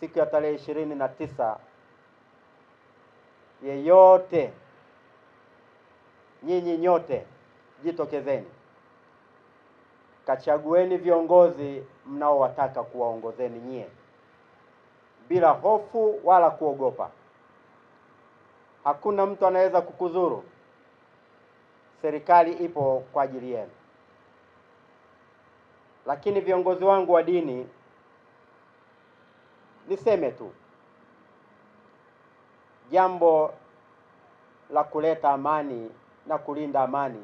siku ya tarehe ishirini na tisa yeyote, nyinyi nyote jitokezeni, kachagueni viongozi mnaowataka kuwaongozeni nyie bila hofu wala kuogopa. Hakuna mtu anaweza kukudhuru. Serikali ipo kwa ajili yenu. Lakini viongozi wangu wa dini niseme tu jambo la kuleta amani na kulinda amani,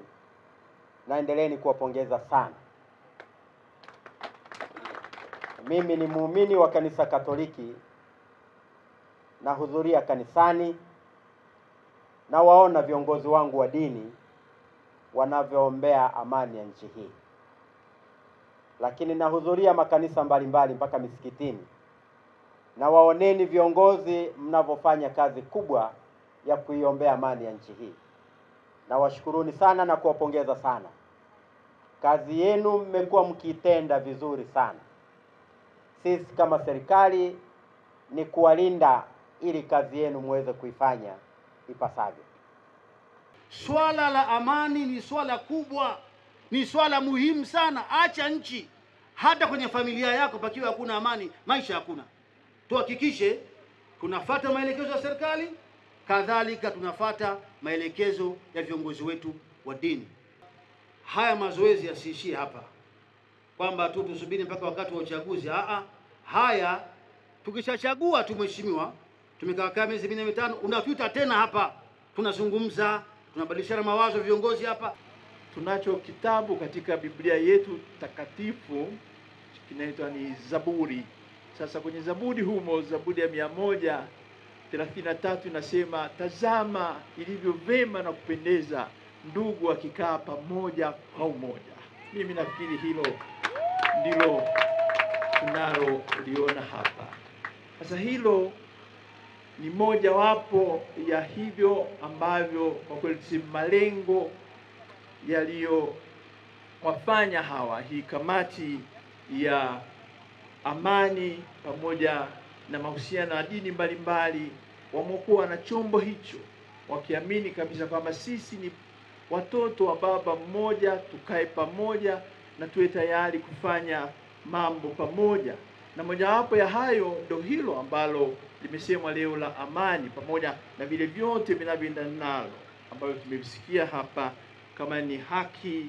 naendeleeni kuwapongeza sana. Mimi ni muumini wa kanisa Katoliki, nahudhuria kanisani, na waona viongozi wangu wa dini wanavyoombea amani ya nchi hii, lakini nahudhuria makanisa mbalimbali mpaka misikitini na waoneni viongozi mnavyofanya kazi kubwa ya kuiombea amani ya nchi hii. Nawashukuruni sana na kuwapongeza sana. Kazi yenu mmekuwa mkiitenda vizuri sana. Sisi kama serikali ni kuwalinda ili kazi yenu muweze kuifanya ipasavyo. Swala la amani ni swala kubwa, ni swala muhimu sana. Acha nchi, hata kwenye familia yako pakiwa hakuna amani, maisha hakuna tuhakikishe tunafata maelekezo ya serikali, kadhalika tunafata maelekezo ya viongozi wetu wa dini. Haya mazoezi yasiishie hapa kwamba tu tusubiri mpaka wakati wa uchaguzi. -a. haya tukishachagua tu mheshimiwa, tumekaa kama miezi minne mitano, unatuita tena hapa, tunazungumza, tunabadilishana mawazo viongozi hapa. Tunacho kitabu katika Biblia yetu takatifu kinaitwa ni Zaburi sasa kwenye zabudi humo, zabudi ya mia moja thelathini na tatu inasema, tazama ilivyo vema na kupendeza ndugu akikaa pamoja kwa umoja. Mimi nafikiri hilo ndilo tunaloliona hapa. Sasa hilo ni mojawapo ya hivyo ambavyo kwa kweli si malengo yaliyowafanya hawa hii kamati ya amani pamoja na mahusiano ya dini mbalimbali wamekuwa na chombo hicho wakiamini kabisa kwamba sisi ni watoto wa baba mmoja, tukae pamoja na tuwe tayari kufanya mambo pamoja, na mojawapo ya hayo ndo hilo ambalo limesemwa leo la amani, pamoja na vile vyote vinavyoenda nalo ambavyo tumevisikia hapa, kama ni haki,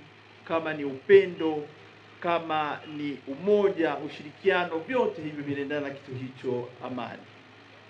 kama ni upendo kama ni umoja, ushirikiano, vyote hivyo vinaendana na kitu hicho amani.